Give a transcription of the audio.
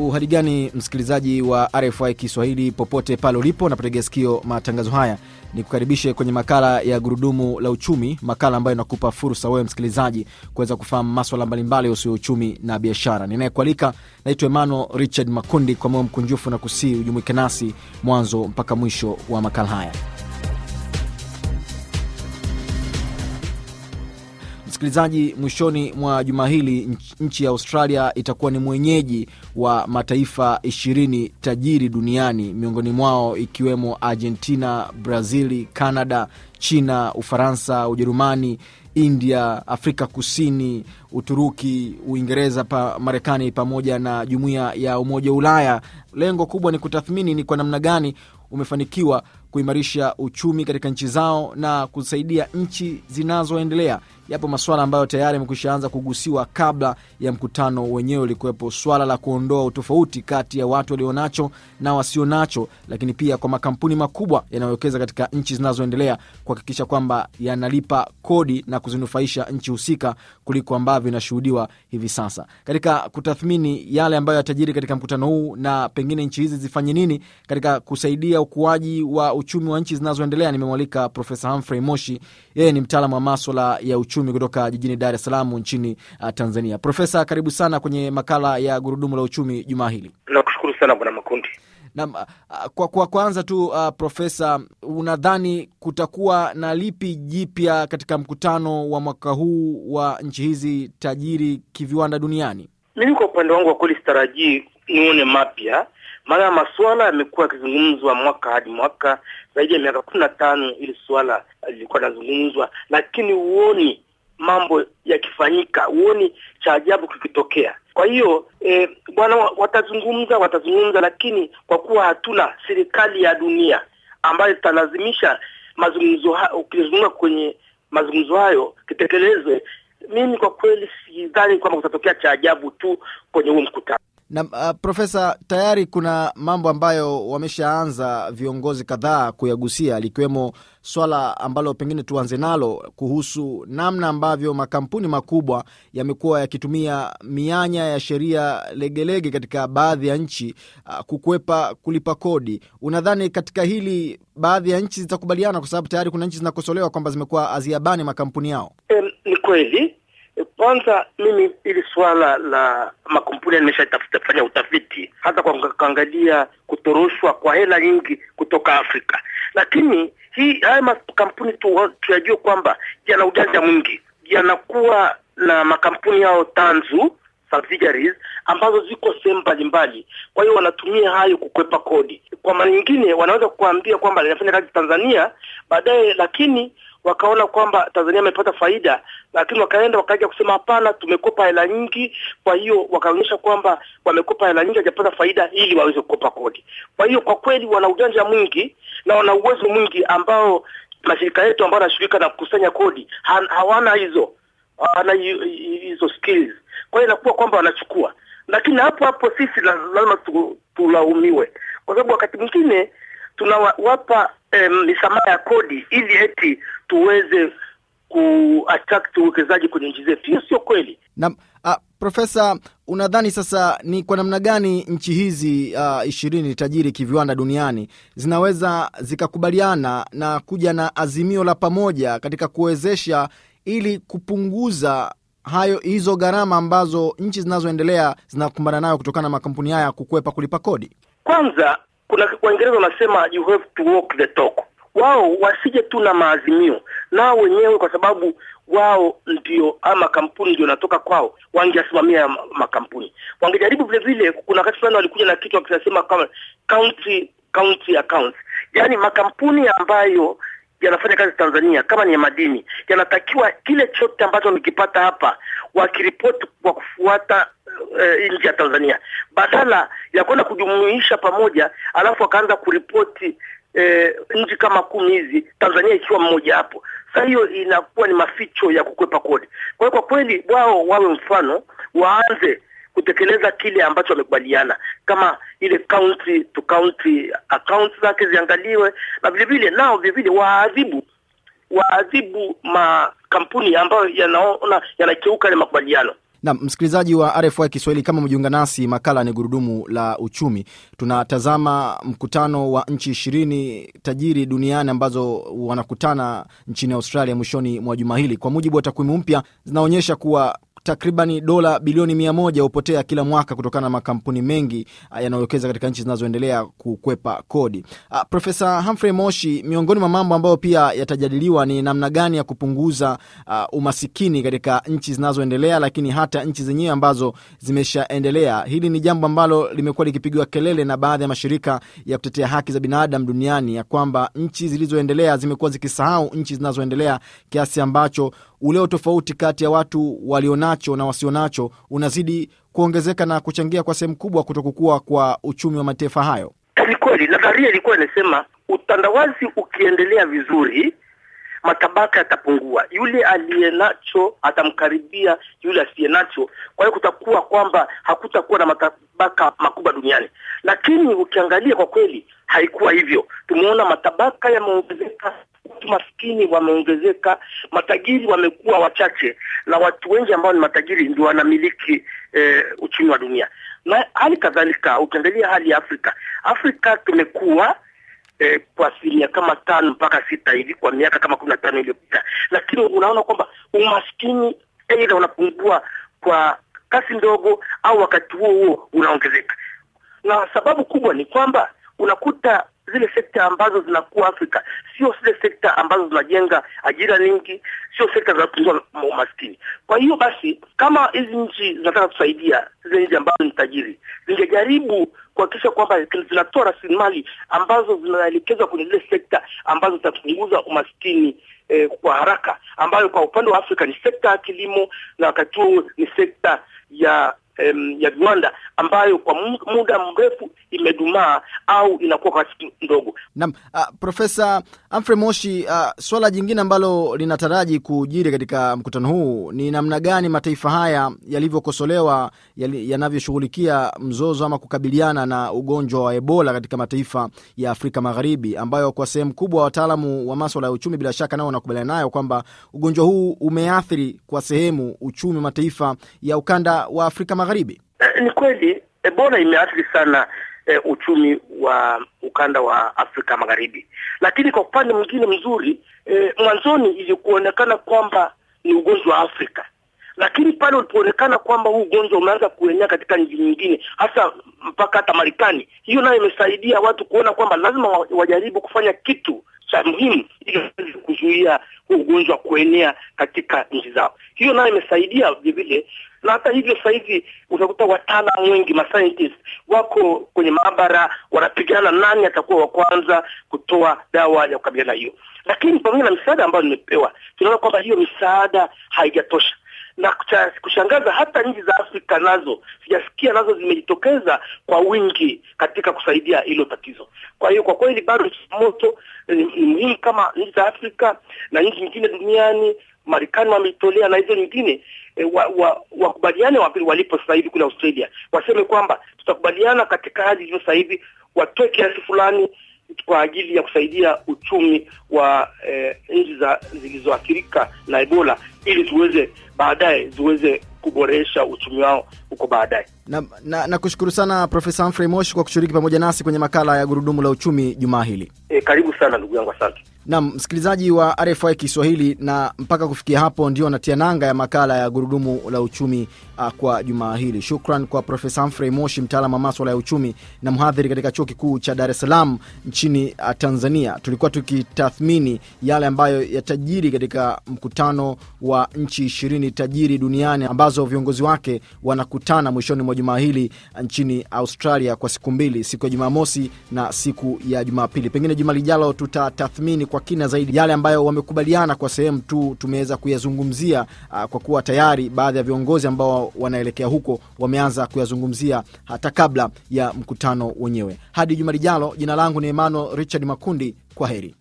Uhali msikilizaji wa RFI Kiswahili popote pale ulipo napotegea sikio matangazo haya, ni kukaribishe kwenye makala ya gurudumu la uchumi, makala ambayo inakupa fursa wewe msikilizaji kuweza kufahamu maswala mbalimbali husuyo uchumi na biashara. Ninayekualika naitwa Emmanuel Richard Makundi, kwa moyo mkunjufu na kusii ujumuike nasi mwanzo mpaka mwisho wa makala haya. Msikilizaji, mwishoni mwa juma hili nchi ya Australia itakuwa ni mwenyeji wa mataifa ishirini tajiri duniani, miongoni mwao ikiwemo Argentina, Brazili, Canada, China, Ufaransa, Ujerumani, India, Afrika Kusini, Uturuki, Uingereza, pa Marekani pamoja na jumuiya ya Umoja wa Ulaya. Lengo kubwa ni kutathmini ni kwa namna gani umefanikiwa kuimarisha uchumi katika nchi zao na kusaidia nchi zinazoendelea yapo maswala ambayo tayari yamekwisha anza kugusiwa kabla ya mkutano wenyewe. Ulikuwepo swala la kuondoa utofauti kati ya watu walionacho na wasionacho, lakini pia kwa makampuni makubwa yanayowekeza katika nchi zinazoendelea kuhakikisha kwamba yanalipa kodi na kuzinufaisha nchi husika kuliko ambavyo inashuhudiwa hivi sasa. Katika kutathmini yale ambayo yatajiri katika mkutano huu na pengine nchi hizi zifanye nini katika kusaidia ukuaji wa uchumi wa nchi zinazoendelea, nimemwalika Profesa Humphrey Moshi, yeye ni mtaalamu wa maswala ya uchumi uchumi kutoka jijini Dar es Salaam nchini uh, Tanzania. Profesa, karibu sana kwenye makala ya gurudumu la uchumi jumaa hili. Nakushukuru sana bwana Makundi. Naam, uh, kwa, kwa kwanza tu uh, profesa, unadhani kutakuwa na lipi jipya katika mkutano wa mwaka huu wa nchi hizi tajiri kiviwanda duniani? Mimi kwa upande wangu wa kweli sitarajii nione mapya, maana masuala yamekuwa yakizungumzwa mwaka hadi mwaka, zaidi ya miaka kumi na tano ili suala lilikuwa linazungumzwa, lakini huoni mambo yakifanyika, huoni cha ajabu kikitokea. Kwa hiyo e, bwana, watazungumza watazungumza, lakini kwa kuwa hatuna serikali ya dunia ambayo italazimisha mazungumzo, ukizungumza kwenye mazungumzo hayo kitekelezwe, mimi kwa kweli sidhani kwamba kutatokea cha ajabu tu kwenye huu mkutano na uh, Profesa, tayari kuna mambo ambayo wameshaanza viongozi kadhaa kuyagusia likiwemo swala ambalo pengine tuanze nalo kuhusu namna ambavyo makampuni makubwa yamekuwa yakitumia mianya ya sheria legelege katika baadhi ya nchi uh, kukwepa kulipa kodi. Unadhani katika hili baadhi ya nchi zitakubaliana, kwa sababu tayari kuna nchi zinakosolewa kwamba zimekuwa haziabani makampuni yao? Eh, ni kweli kwanza mimi ili swala la makampuni nimeshatafuta kufanya utafiti, hata kwa kuangalia kutoroshwa kwa hela nyingi kutoka Afrika, lakini hii haya makampuni tu tuyajue kwamba yana ujanja mwingi, yanakuwa na makampuni yao tanzu subsidiaries ambazo ziko sehemu mbalimbali. Kwa hiyo wanatumia hayo kukwepa kodi. Kwa maana nyingine, wanaweza kukuambia kwamba linafanya kazi Tanzania baadaye, lakini wakaona kwamba Tanzania imepata faida, lakini wakaenda wakaja kusema hapana, tumekopa hela nyingi. Kwa hiyo wakaonyesha kwamba wamekopa hela nyingi, hajapata faida ili waweze kukopa kodi. Kwa hiyo kwa kweli wana ujanja mwingi na wana uwezo mwingi ambao mashirika yetu ambayo yanashughulika na kukusanya kodi hawana hizo, hawana hizo skills. Kwa hiyo inakuwa kwamba wanachukua, lakini hapo hapo sisi lazima tulaumiwe, kwa sababu wakati mwingine tunawapa Eh, misamaha ya kodi ili eti tuweze kuattract uwekezaji kwenye nchi zetu. Hiyo sio kweli. uh, Profesa, unadhani sasa ni kwa namna gani nchi hizi uh, ishirini tajiri kiviwanda duniani zinaweza zikakubaliana na kuja na azimio la pamoja katika kuwezesha ili kupunguza hayo hizo gharama ambazo nchi zinazoendelea zinakumbana nayo kutokana na makampuni haya kukwepa kulipa kodi? Kwanza kuna Waingereza wanasema you have to walk the talk. Wao wasije tu na maazimio nao wenyewe, kwa sababu wao ndio ama kampuni ndio natoka kwao, wangeasimamia makampuni, wangejaribu vile vile. Kuna wakati fulani walikuja na kitu wakisema kama county county accounts, yaani makampuni ambayo yanafanya kazi Tanzania kama ni ya madini yanatakiwa kile chote ambacho wamekipata hapa wakiripoti kwa kufuata uh, eh, nje ya Tanzania, badala ya kwenda kujumuisha pamoja, alafu akaanza kuripoti e, nchi kama kumi hizi, Tanzania ikiwa mmoja hapo. Sasa hiyo inakuwa ni maficho ya kukwepa kodi. Kwa hiyo kwa kweli wao wawe mfano, waanze kutekeleza kile ambacho wamekubaliana, kama ile county to county account zake ziangaliwe, na vile vile nao vile vile waadhibu waadhibu makampuni ambayo yanaona yanakeuka ile makubaliano. Na msikilizaji wa RFI Kiswahili, kama mjiunga nasi, makala ni gurudumu la uchumi. Tunatazama mkutano wa nchi ishirini tajiri duniani ambazo wanakutana nchini Australia mwishoni mwa juma hili. Kwa mujibu wa takwimu mpya, zinaonyesha kuwa takribani dola bilioni mia moja hupotea kila mwaka kutokana na makampuni mengi ah, yanayowekeza katika nchi zinazoendelea kukwepa kodi. Ah, Profesa Humphrey Moshi, miongoni mwa mambo ambayo pia yatajadiliwa ni namna gani ya kupunguza uh, umasikini katika nchi zinazoendelea, lakini hata nchi zenyewe ambazo zimeshaendelea. Hili ni jambo ambalo limekuwa likipigiwa kelele na baadhi ya mashirika ya kutetea haki za binadamu duniani ya kwamba nchi zilizoendelea zimekuwa zikisahau nchi zinazoendelea kiasi ambacho ule utofauti kati ya watu walionacho wanacho na wasionacho unazidi kuongezeka na kuchangia kwa sehemu kubwa kuto kukua kwa uchumi wa mataifa hayo. Ni kweli nadharia ilikuwa inasema utandawazi ukiendelea vizuri, matabaka yatapungua, yule aliyenacho atamkaribia yule asiye nacho Kwa hiyo kutakuwa kwamba hakutakuwa na matabaka makubwa duniani, lakini ukiangalia kwa kweli haikuwa hivyo. Tumeona matabaka yameongezeka watu maskini wameongezeka, matajiri wamekuwa wachache, na watu wengi ambao ni matajiri ndio wanamiliki e, uchumi wa dunia. Na hali kadhalika ukiangalia hali ya Afrika, Afrika tumekuwa e, kwa asilimia kama tano mpaka sita hivi kwa miaka kama kumi na tano iliyopita, lakini unaona kwamba umaskini aidha unapungua kwa kasi ndogo au wakati huo huo unaongezeka, na sababu kubwa ni kwamba unakuta zile sekta ambazo zinakuwa Afrika, sio zile sekta ambazo zinajenga ajira nyingi, sio sekta zinapunguza umaskini. Kwa hiyo basi, kama hizi nchi zinataka kusaidia zile nchi ambazo ni tajiri, zingejaribu kuhakikisha kwamba zinatoa rasilimali ambazo zinaelekezwa kwenye zile sekta ambazo zitapunguza umaskini eh, kwa haraka, ambayo kwa upande wa Afrika ni sekta ya kilimo na wakati huu ni sekta ya em, ya viwanda ambayo kwa muda mrefu imedumaa au inakuwa kwa kasi ndogo. Naam, uh, Profesa Amfre Moshi, uh, swala jingine ambalo linataraji kujiri katika mkutano huu ni namna gani mataifa haya yalivyokosolewa yanavyoshughulikia mzozo ama kukabiliana na ugonjwa wa Ebola katika mataifa ya Afrika Magharibi ambayo kwa sehemu kubwa wataalamu wa maswala ya uchumi bila shaka nao wanakubaliana nayo kwamba ugonjwa huu umeathiri kwa sehemu uchumi mataifa ya ukanda wa Afrika Magharibi. Magharibi? Eh, ni kweli eh, Ebola imeathiri sana eh, uchumi wa ukanda wa Afrika Magharibi, lakini kwa upande mwingine mzuri eh, mwanzoni ilikuonekana kwamba ni ugonjwa wa Afrika lakini pale ulipoonekana kwamba huu ugonjwa umeanza kuenea katika nchi nyingine, hasa mpaka hata Marekani, hiyo nayo imesaidia watu kuona kwamba lazima wajaribu kufanya kitu cha muhimu ili kuzuia huu ugonjwa kuenea katika nchi zao. Hiyo nayo imesaidia vilevile, na hata hivyo sasa hivi utakuta wataalamu wengi ma scientist wako kwenye maabara wanapigana nani atakuwa wa kwanza kutoa dawa ya kukabiliana hiyo. Lakini pamoja na misaada ambayo nimepewa, tunaona kwamba hiyo misaada haijatosha na kushangaza hata nchi za Afrika nazo sijasikia nazo zimejitokeza kwa wingi katika kusaidia hilo tatizo. Kwa hiyo kwa kweli bado changamoto eh, ni muhimu, kama nchi za Afrika na nchi nyingine duniani, Marekani wameitolea na hizo nyingine E, wakubaliane wa, wa walipo sasa hivi kule Australia waseme kwamba tutakubaliana katika hali ilivyo sasa hivi, watoe kiasi fulani kwa ajili ya kusaidia uchumi wa eh, nchi za zilizoathirika na Ebola ili tuweze baadaye ziweze kuboresha uchumi wao huko baadaye. Na, na, na kushukuru sana Profesa Humphrey Moshi kwa kushiriki pamoja nasi kwenye makala ya gurudumu la uchumi jumaa hili. E, karibu sana ndugu yangu, asante. Nam msikilizaji wa RFI Kiswahili, na mpaka kufikia hapo ndio natia nanga ya makala ya gurudumu la uchumi uh, kwa jumaa hili. Shukran kwa Profesa Humphrey Moshi, mtaalam wa maswala ya uchumi na mhadhiri katika chuo kikuu cha Dar es Salaam nchini uh, Tanzania. Tulikuwa tukitathmini yale ambayo yatajiri katika mkutano wa nchi ishirini tajiri duniani ambazo viongozi wake wanakutana mwishoni mwa jumaa hili uh, nchini Australia kwa siku mbili, siku ya Jumamosi na siku ya Jumapili. Pengine juma lijalo tutatathmini kwa kina zaidi yale ambayo wamekubaliana, kwa sehemu tu tumeweza kuyazungumzia, ah, kwa kuwa tayari baadhi ya viongozi ambao wanaelekea huko wameanza kuyazungumzia hata kabla ya mkutano wenyewe. Hadi juma lijalo, jina langu ni Emmanuel Richard Makundi, kwa heri.